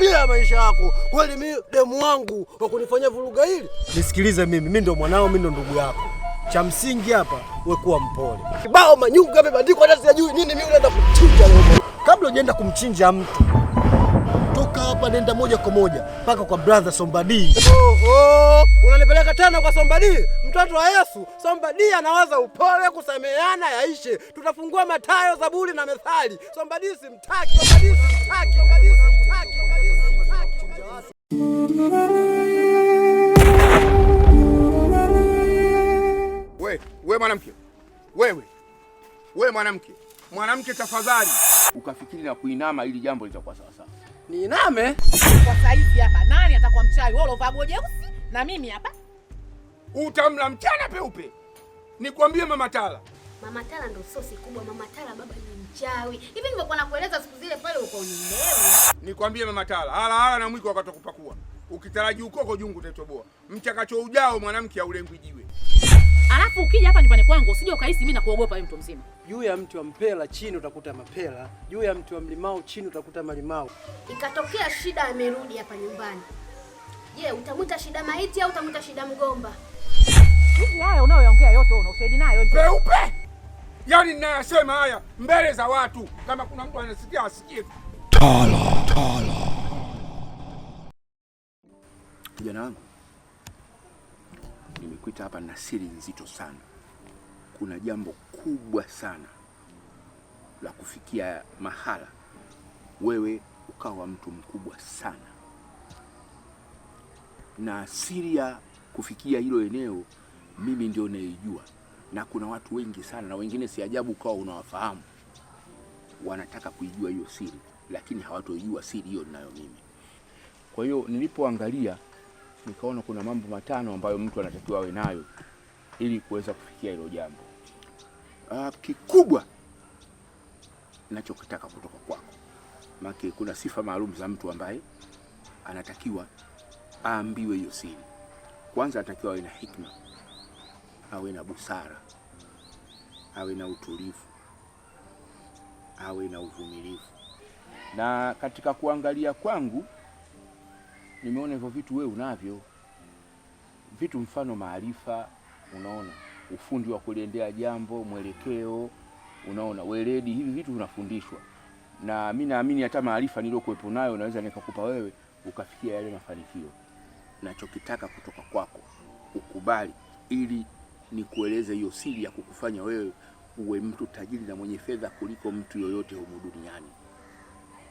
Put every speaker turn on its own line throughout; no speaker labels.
historia maisha yako. Kweli mi demu wangu wa kunifanyia vuruga hili?
Nisikilize mimi, mi ndo mwanao, mi ndo ndugu yako. Cha msingi hapa wekuwa kuwa mpole.
Kibao manyungu amebandikwa, hata sijui nini, mi unaenda kumchinja
Kabla hujaenda kumchinja mtu kutoka hapa nenda moja kwa moja mpaka kwa brother Sombadi.
Oho, unanipeleka tena kwa Sombadi, mtoto wa Yesu. Sombadi anawaza upole, kusameheana yaishe. Tutafungua Mathayo, Zaburi na Methali. Sombadi simtaki, Sombadi simtaki, Sombadi simtaki, Sombadi simtaki.
We, we mwanamke, wewe we mwanamke, mwanamke tafadhali
ukafikiri na kuinama ili jambo litakuwa sawa.
Ni name
kwa saizi hapa, nani atakuwa mchawi? Wewe ulovaa nguo jeusi na mimi hapa
utamla mchana peupe. Nikwambie mama Tala,
mama Tala ndo sosi kubwa. Mama Tala baba ni mchawi hivi, nilivyokuwa nakueleza siku zile pale, uko unielewa.
Nikwambie mama Tala, hala hala na mwiko wakati kupakua, ukitaraji ukoko jungu utatoboa. Mchakacho ujao mwanamke aulengwi jiwe.
Alafu ukija hapa nyumbani kwangu usije ukahisi mimi nakuogopa wewe mtu mzima.
Juu ya mti wa mpela chini utakuta mapela, juu ya mti wa mlimau chini utakuta malimau.
Ikatokea shida amerudi hapa nyumbani. Je, utamwita shida maiti au utamwita shida mgomba?
Hivi haya unayoongea yote una ushahidi nayo?
Peupe. Yaani ninayasema haya mbele za watu, kama kuna mtu anasikia asikie. Tala, tala.
Kijana wangu nimekuita hapa na siri nzito sana. Kuna jambo kubwa sana la kufikia mahala wewe ukawa mtu mkubwa sana, na siri ya kufikia hilo eneo mimi ndio naijua, na kuna watu wengi sana, na wengine si ajabu ukawa unawafahamu, wanataka kuijua hiyo siri, lakini hawatoijua siri hiyo ninayo mimi. Kwa hiyo nilipoangalia nikaona kuna mambo matano ambayo mtu anatakiwa awe nayo ili kuweza kufikia hilo jambo. Uh, kikubwa nachokitaka kutoka kwako, maana kuna sifa maalum za mtu ambaye anatakiwa aambiwe hiyo siri. Kwanza anatakiwa awe na hikma, awe na busara, awe na utulivu, awe na uvumilivu. Na katika kuangalia kwangu nimeona hivyo vitu wewe unavyo vitu, mfano maarifa, unaona ufundi wa kuliendea jambo, mwelekeo, unaona weledi, hivi vitu vinafundishwa na mi naamini hata maarifa niliyokuwepo nayo naweza nikakupa wewe ukafikia yale mafanikio. Nachokitaka kutoka kwako ukubali, ili nikueleze hiyo siri ya kukufanya wewe uwe mtu tajiri na mwenye fedha kuliko mtu yoyote humu duniani.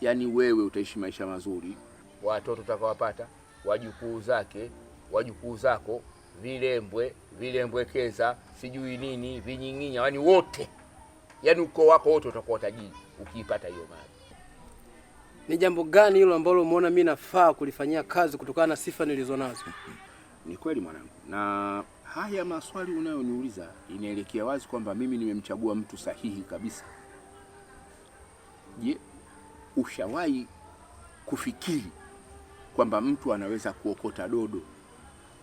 Yaani wewe utaishi maisha mazuri
watoto utakawapata, wajukuu zake, wajukuu zako, vilembwe, vilembwekeza, sijui nini, vinying'inya, yani wote, yani ukoo wako wote utakuwa tajiri ukiipata hiyo mali.
Ni jambo gani hilo ambalo umeona mimi nafaa kulifanyia kazi kutokana na sifa nilizo nazo? Ni kweli mwanangu, na haya maswali unayoniuliza inaelekea wazi kwamba mimi nimemchagua mtu sahihi kabisa. Je, ushawahi kufikiri kwamba mtu anaweza kuokota dodo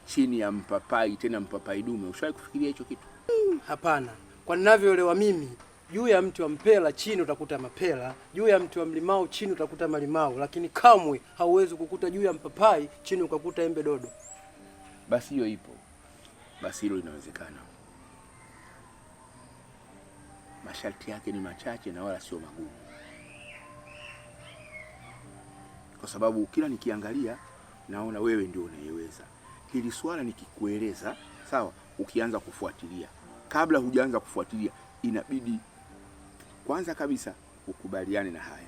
chini ya mpapai, tena mpapai dume. Ushawahi kufikiria hicho kitu?
Mm, hapana. Kwa ninavyoelewa mimi, juu ya mti wa mpela chini utakuta mapela, juu ya mti wa mlimau chini utakuta malimau, lakini kamwe hauwezi kukuta juu ya mpapai chini ukakuta embe dodo.
Basi hiyo ipo, basi hilo linawezekana. Masharti yake ni machache na wala sio magumu. kwa sababu kila nikiangalia naona wewe ndio unayeweza hili swala. Nikikueleza sawa, ukianza kufuatilia, kabla hujaanza kufuatilia, inabidi kwanza kabisa ukubaliane na haya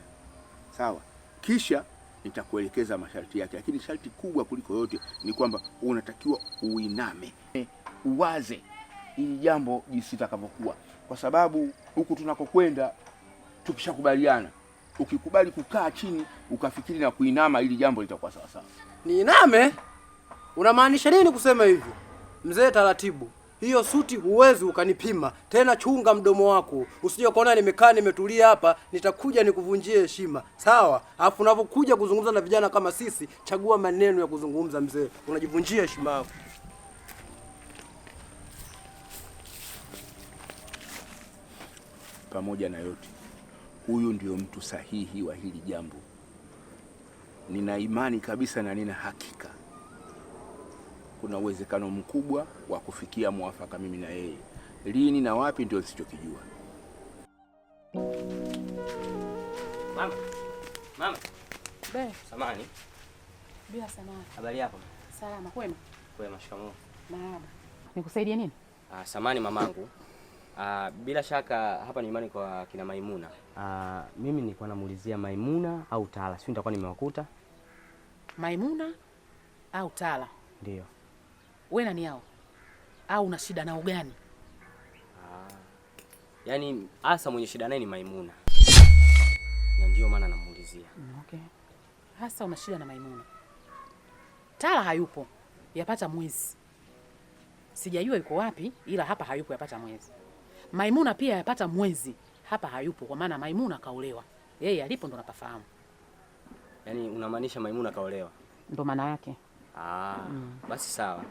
sawa, kisha nitakuelekeza masharti yake, lakini sharti kubwa kuliko yote ni kwamba unatakiwa uiname,
uwaze ili jambo jinsi litakavyokuwa, kwa sababu huku tunakokwenda tukishakubaliana ukikubali kukaa chini ukafikiri na kuinama, ili jambo litakuwa sawa sawa. Niiname? Unamaanisha nini kusema hivyo? Mzee, taratibu. Hiyo suti huwezi ukanipima tena. Chunga mdomo wako usije ukaona nimekaa nimetulia hapa, nitakuja nikuvunjie heshima, sawa? Alafu unapokuja kuzungumza na vijana kama sisi, chagua maneno ya kuzungumza. Mzee, unajivunjia heshima yako.
Pamoja na yote huyu ndio mtu sahihi wa hili jambo. Nina imani kabisa na nina hakika kuna uwezekano mkubwa wa kufikia mwafaka mimi na yeye. Lini na wapi ndio sichokijua.
Mama, mama. Be. Samani. Bila samani. Habari yako? Salama, kwema? Kwema, shikamoo.
Marahaba.
Nikusaidie nini?
Ah, samani mamangu. Uh, bila shaka hapa ni imani kwa kina Maimuna.
Uh, mimi nilikuwa namuulizia Maimuna au Tala, sio nitakuwa nimewakuta
Maimuna au Tala. Ndio wewe nani yao au una shida nao gani?
Uh, yaani hasa mwenye shida naye ni Maimuna na ndio maana namuulizia.
Mm, okay. Hasa una shida na Maimuna. Tala hayupo yapata mwezi, sijajua yuko wapi, ila hapa hayupo yapata mwezi Maimuna pia yapata mwezi hapa hayupo, kwa maana Maimuna kaolewa. Yeye alipo ndo napafahamu.
Yaani unamaanisha Maimuna kaolewa?
Ndo maana yake.
Ah, mm. Basi sawa,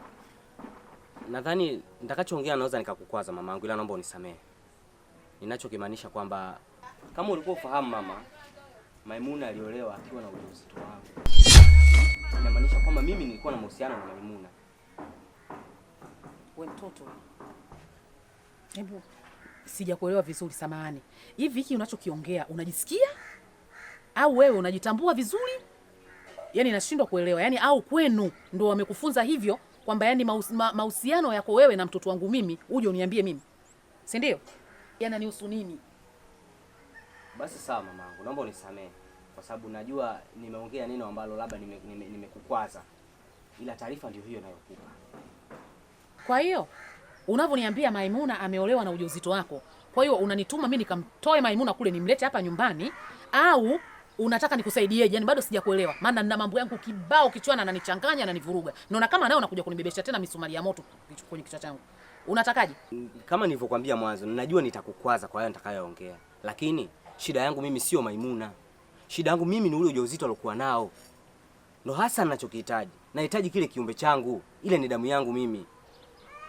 nadhani nitakachoongea naweza nikakukwaza mamangu, ila naomba unisamehe. Ninachokimaanisha kwamba kama ulikuwa ufahamu mama, Maimuna aliolewa akiwa na ujauzito wangu. Inamaanisha kwamba mimi nilikuwa na mahusiano na Maimuna.
Wewe mtoto, hebu sijakuelewa vizuri, samahani. Hivi hiki unachokiongea unajisikia au wewe unajitambua vizuri? Yaani nashindwa kuelewa, yaani au kwenu ndo wamekufunza hivyo kwamba yani mahusiano ma, yako wewe na mtoto wangu mimi uje uniambie mimi, si ndio? Yananihusu nini?
Basi sawa mamangu, naomba unisamehe kwa sababu najua nimeongea neno ambalo labda nimekukwaza, nime, nime ila taarifa ndio hiyo nayokupa.
Kwa hiyo unavyoniambia Maimuna ameolewa na ujauzito wako, kwa hiyo unanituma mimi nikamtoe Maimuna kule nimlete hapa nyumbani au unataka nikusaidieje? Yani bado sijakuelewa, maana nina mambo yangu kibao kichwani, ananichanganya ananivuruga, naona kama nao nakuja kunibebesha tena misumari ya moto kwenye kichwa changu. Unatakaje?
Kama nilivyokuambia mwanzo, najua nitakukwaza kwa hayo nitakayoongea, lakini shida yangu mimi sio Maimuna. Shida yangu mimi ni ule ujauzito alokuwa nao, ndo hasa ninachokihitaji. Nahitaji kile kiumbe changu, ile ni damu yangu mimi.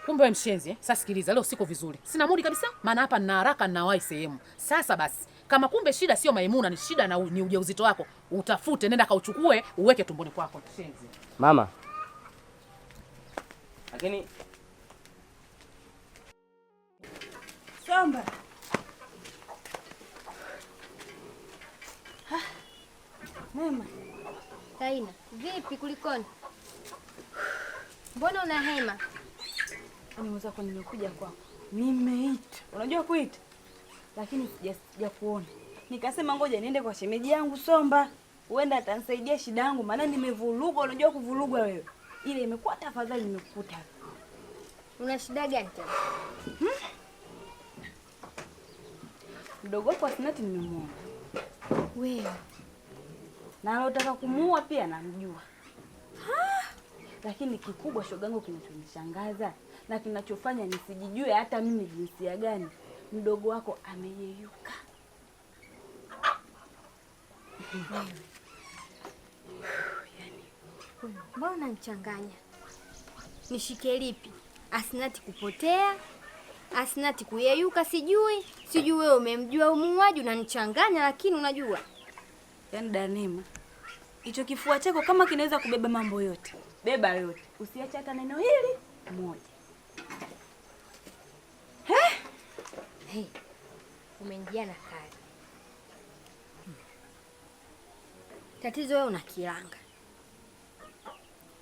Kumbe mshenzi eh? Sasa sikiliza, leo siko vizuri, sina mudi kabisa, maana hapa nina haraka, ninawahi sehemu. Sasa basi, kama kumbe shida sio Maimuna, ni shida na ni ujauzito wako, utafute, nenda kauchukue, uweke tumboni kwako. Mshenzi
mama, lakini
Somba mama
Kaina, vipi? Kulikoni? Mbona una hema?
Mwenzako, nimekuja kwako, nimeita, unajua kuita, lakini kuona. Nikasema ngoja niende kwa shemeji yangu Somba, huenda atanisaidia shida yangu, maana nimevurugwa. Unajua kuvurugwa wewe, ile imekuwa tafadhali, nimekukuta.
Una shida gani tena?
Hmm? Mdogo wako Asinati nimemwona wewe, na alotaka kumuua pia namjua, lakini kikubwa shogangu kinachonishangaza na kinachofanya nisijijue hata mimi jinsia gani, mdogo wako ameyeyuka.
Mbona unanichanganya? Nishike lipi? Asinati kupotea, Asinati kuyeyuka, sijui sijui. Wewe umemjua umuuaji, unanichanganya. Lakini unajua
yaani, Danima, hicho kifua chako kama kinaweza kubeba mambo yote, beba yote, usiache hata neno hili moja
umeingia umenijia na kazi hmm. Tatizo wewe una kilanga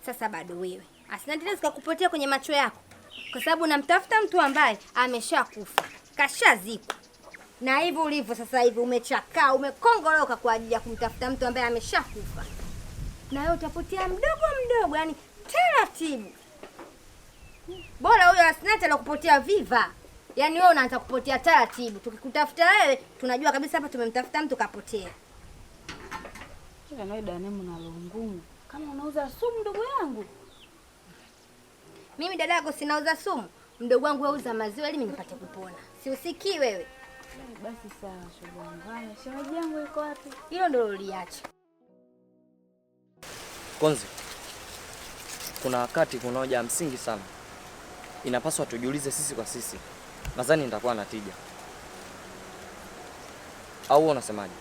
sasa, bado wewe tena zikakupotea kwenye macho yako, kwa sababu unamtafuta mtu ambaye ameshakufa kashazikwa, na hivyo ulivyo sasa hivi umechakaa, umekongoroka kwa ajili ya kumtafuta mtu ambaye ameshakufa, na wewe utapotea mdogo mdogo, yani taratibu Bora huyo asinate la kupotea viva. Yaani wewe unaanza kupotea taratibu. Tukikutafuta wewe tunajua kabisa hapa tumemtafuta mtu kapotea.
Kila nawe Danemu na ngumu. Kama unauza sumu ndugu yangu.
Mimi dada yako sinauza sumu. Mdogo wangu auza maziwa ili mimi nipate kupona. Si usikii wewe.
Basi sawa shoga mbaya. Shemeji yangu iko wapi?
Hilo ndio uliacha.
Konzi. Kuna wakati kuna hoja msingi sana inapaswa tujiulize sisi kwa sisi. Nadhani nitakuwa na tija, au unasemaje?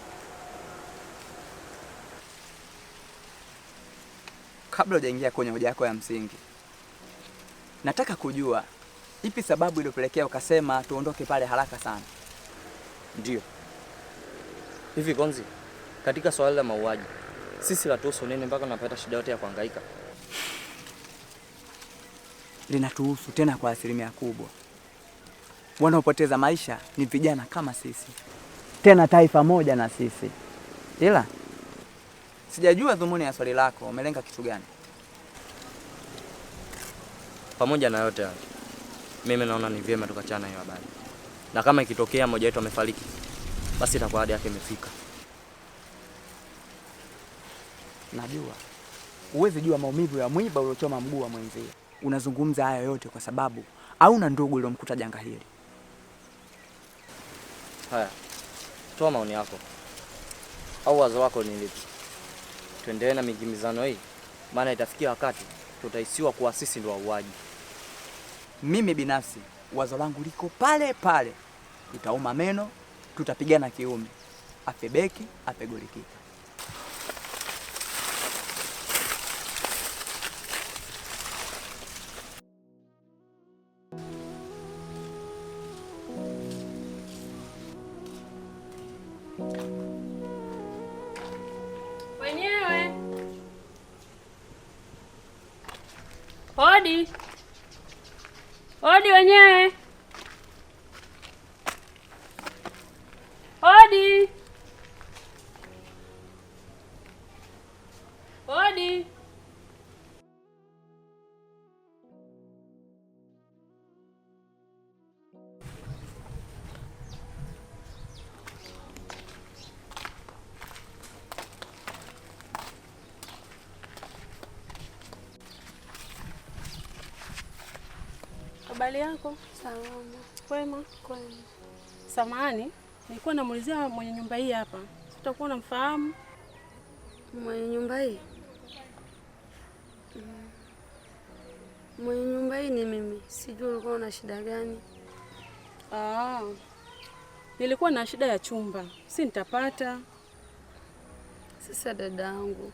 Kabla hujaingia kwenye hoja yako ya msingi, nataka kujua ipi sababu iliyopelekea ukasema tuondoke pale haraka sana? ndio Hivi Konzi, katika swala la mauaji sisi tuso nini mpaka napata shida yote ya kuhangaika?
linatuhusu tena kwa asilimia kubwa. Wanaopoteza maisha ni vijana kama sisi, tena taifa moja na sisi. Ila sijajua dhumuni ya swali lako umelenga kitu gani?
Pamoja na yote hayo, mimi naona ni vyema tukachana hiyo habari, na kama ikitokea mmoja wetu amefariki, basi itakuwa hadi yake imefika.
Najua huwezi jua maumivu ya mwiba uliochoma mguu wa mwenzio unazungumza haya yote kwa sababu hauna ndugu uliomkuta janga hili.
Haya, toa maoni yako au wazo wako ni lipi? Tuendelee na migimizano hii, maana itafikia wakati tutahisiwa kuwa sisi ndio wauaji.
Mimi binafsi wazo langu liko pale pale, tutauma meno, tutapigana kiume, afebeki beki
Odi, odi wenyewe
Habari yako? Salama. Kwema? Kwema. Samahani, nilikuwa namuulizia mwenye nyumba hii hapa, utakuwa unamfahamu
mwenye nyumba hii? Mm. Mwenye nyumba hii ni mimi, sijui ulikuwa na shida gani?
Ah, nilikuwa na shida ya chumba, si nitapata
sasa? Dada yangu,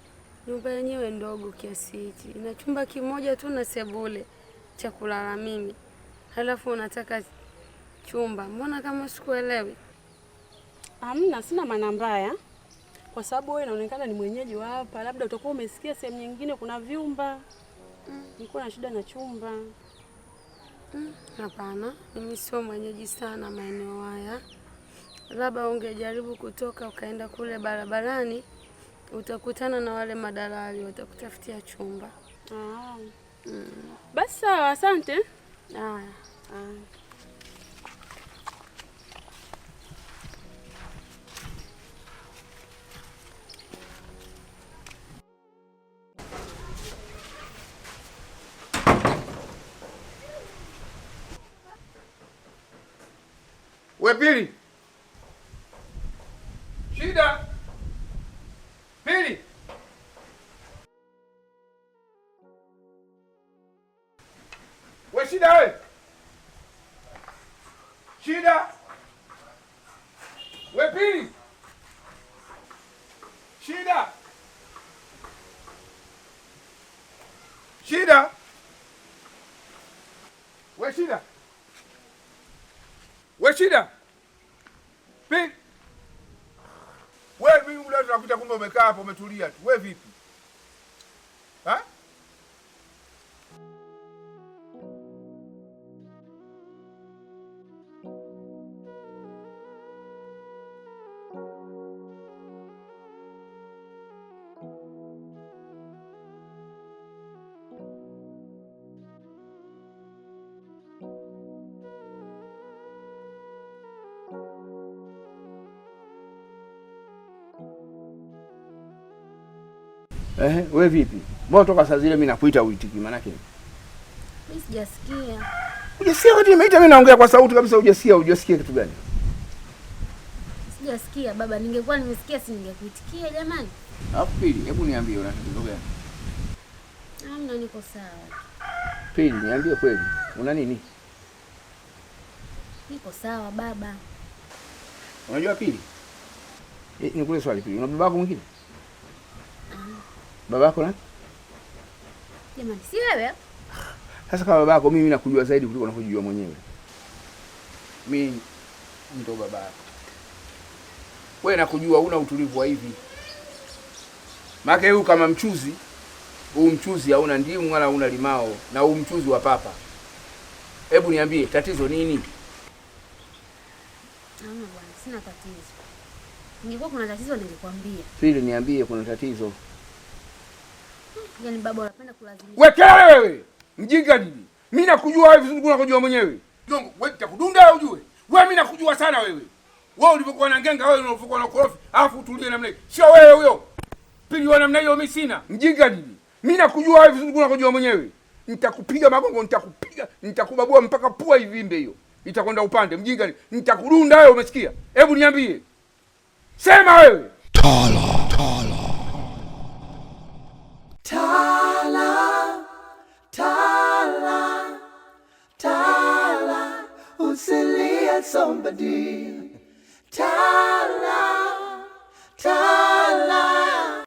nyumba yenyewe ndogo kiasi hichi, ina chumba kimoja tu na sebule cha kulala mimi halafu unataka chumba, mbona kama sikuelewi?
amna sina maana mbaya, kwa sababu wewe inaonekana ni mwenyeji wa hapa, labda utakuwa umesikia sehemu nyingine kuna vyumba. Mm. Niko na shida na chumba.
Mm, hapana, mimi sio mwenyeji sana maeneo haya. Labda ungejaribu kutoka ukaenda kule barabarani, utakutana na wale madalali watakutafutia chumba.
Ah. Mm. Basi sawa, asante.
Ah.
We're building. Shida wepili, shida shida, we shida, we shida pi we, mimi unakuta kumbe umekaa hapo umetulia tu, we vipi ha? Ehe, we vipi? Mbona toka saa zile mimi nakuita uitiki maana yake?
Mimi sijasikia.
Hujasikia wewe nimeita mimi naongea kwa sauti kabisa hujasikia, hujasikia kitu gani?
Sijasikia baba, ningekuwa nimesikia si ningekuitikia jamani.
Alafu pili, hebu niambie una tatizo gani?
Hamna, niko sawa.
Pili, niambie kweli. Una nini?
Niko sawa baba.
Unajua Pili? Eh, nikule swali Pili. Una babako mwingine? baba yako nani?
Jamani, si wewe?
Sasa kama baba yako mimi nakujua zaidi kuliko unakujua mwenyewe. Mimi ndo baba yako. Wewe nakujua una utulivu wa hivi. Maana huyu kama mchuzi, huu mchuzi hauna ndimu wala una limao na huu mchuzi wa papa. Hebu niambie tatizo nini?
sina tatizo. Ningekuwa kuna tatizo ningekwambia.
Pili, niambie kuna tatizo. Yaani baba unapenda kulazimisha. Wekela wewe. Mjinga nini? Mimi nakujua wewe vizuri kuna kujua mwenyewe. Jongo, wewe nitakudunda au ujue? Wewe mimi nakujua sana wewe. Wewe ulipokuwa na ngenga wewe unapokuwa na korofi, alafu utulie namna hiyo. Sio wewe huyo. Pili wa namna hiyo mimi sina. Mjinga nini? Mimi nakujua wewe vizuri kuna kujua mwenyewe. Nitakupiga magongo, nitakupiga, nitakubabua mpaka pua ivimbe hiyo. Itakwenda upande. Mjinga nini? Nitakudunda wewe umesikia? Hebu niambie. Sema wewe. Tala.
silly as somebody. Ta-la, ta-la.